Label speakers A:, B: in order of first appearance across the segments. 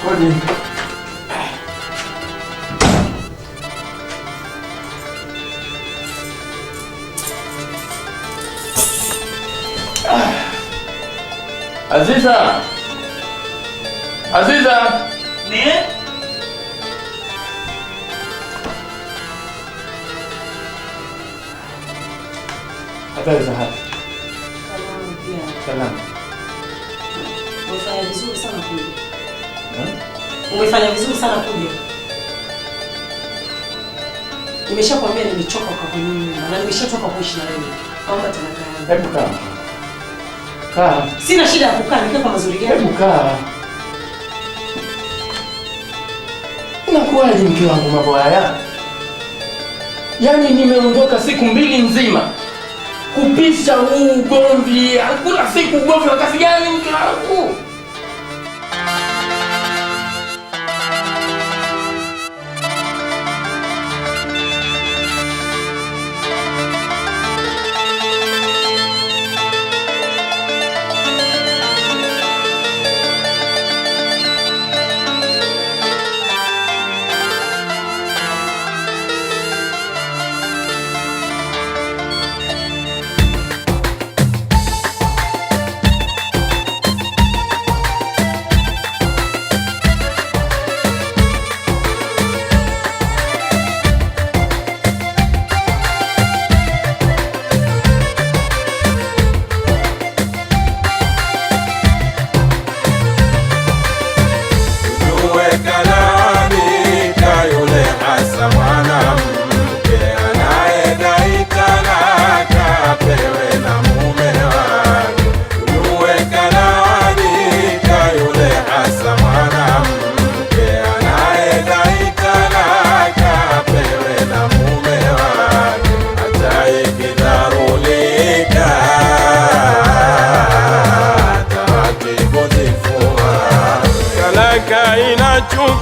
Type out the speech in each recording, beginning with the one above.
A: 我点！哎，阿西子，阿西子，你？阿泰在哈。
B: Umefanya vizuri sana kuja. Nimeshakwambia nimechoka kwa kwenye kunyumba na nimeshatoka kuishi na wewe. Naomba tena kaa.
A: Hebu kaa. Kaa.
B: Sina shida ya kukaa, nikaa kwa mazuri gani?
A: Hebu kaa. Unakuwaje mke wangu mambo haya? Yaani nimeondoka siku mbili nzima kupisha huu ugomvi. Hakuna siku ugomvi wakati gani mke wangu?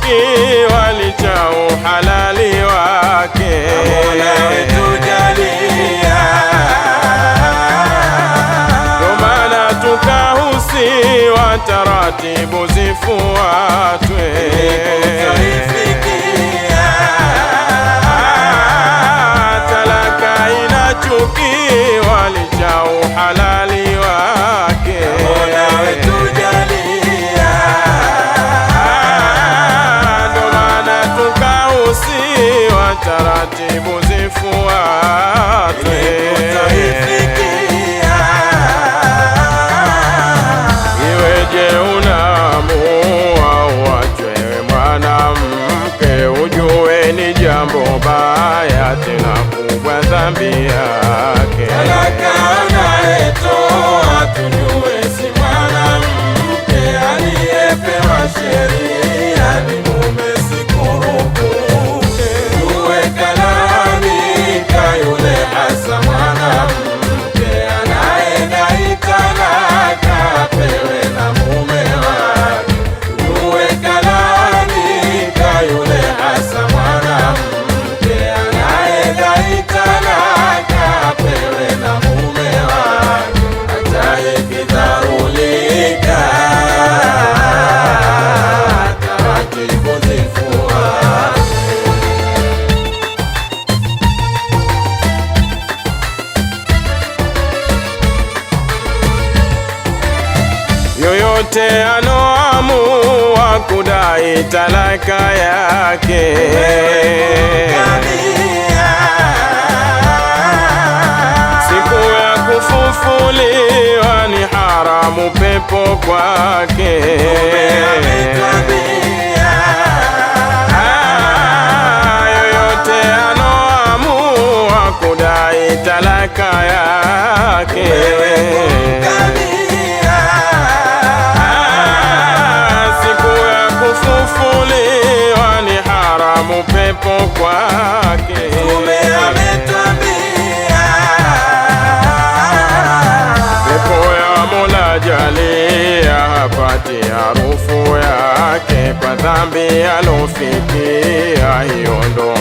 C: haki walicha uhalali wake ndomana tukahusiwa taratibu zifuatwe taratibu zifuatwe iweje unaamua uachwe mwanamke ujue ni jambo baya tena kubwa dhambia anoamua kudai talaka yake siku ya kufufuliwa ni haramu pepo kwake yoyote anaoamua kudai talaka yake kwake pepo ya Mola jalia hapati harufu yake kwa dhambi alofikia hiyo ndo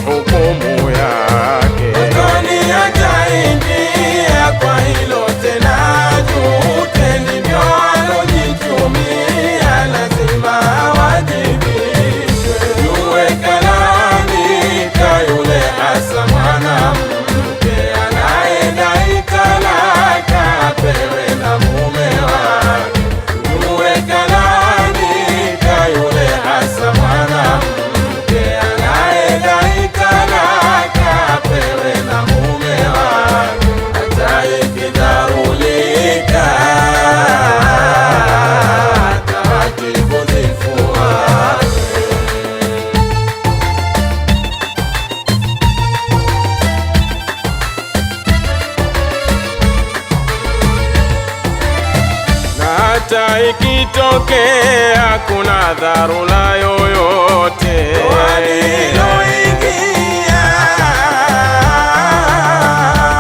C: isitokee kuna dharura yoyote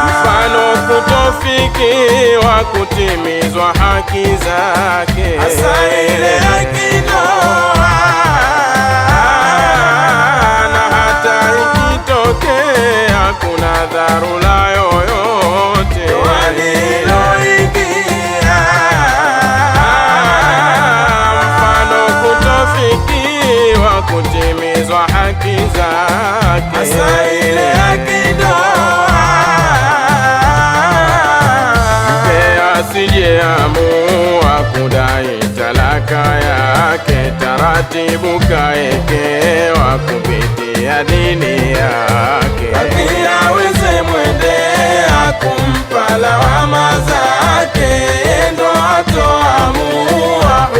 C: mfano kutofikiwa kutimizwa haki zake usijeamua kudai talaka yake, taratibu kaekewa kupitia dini yake. Akiyaweze mwendea kumpa lawama zake, ndo atoamua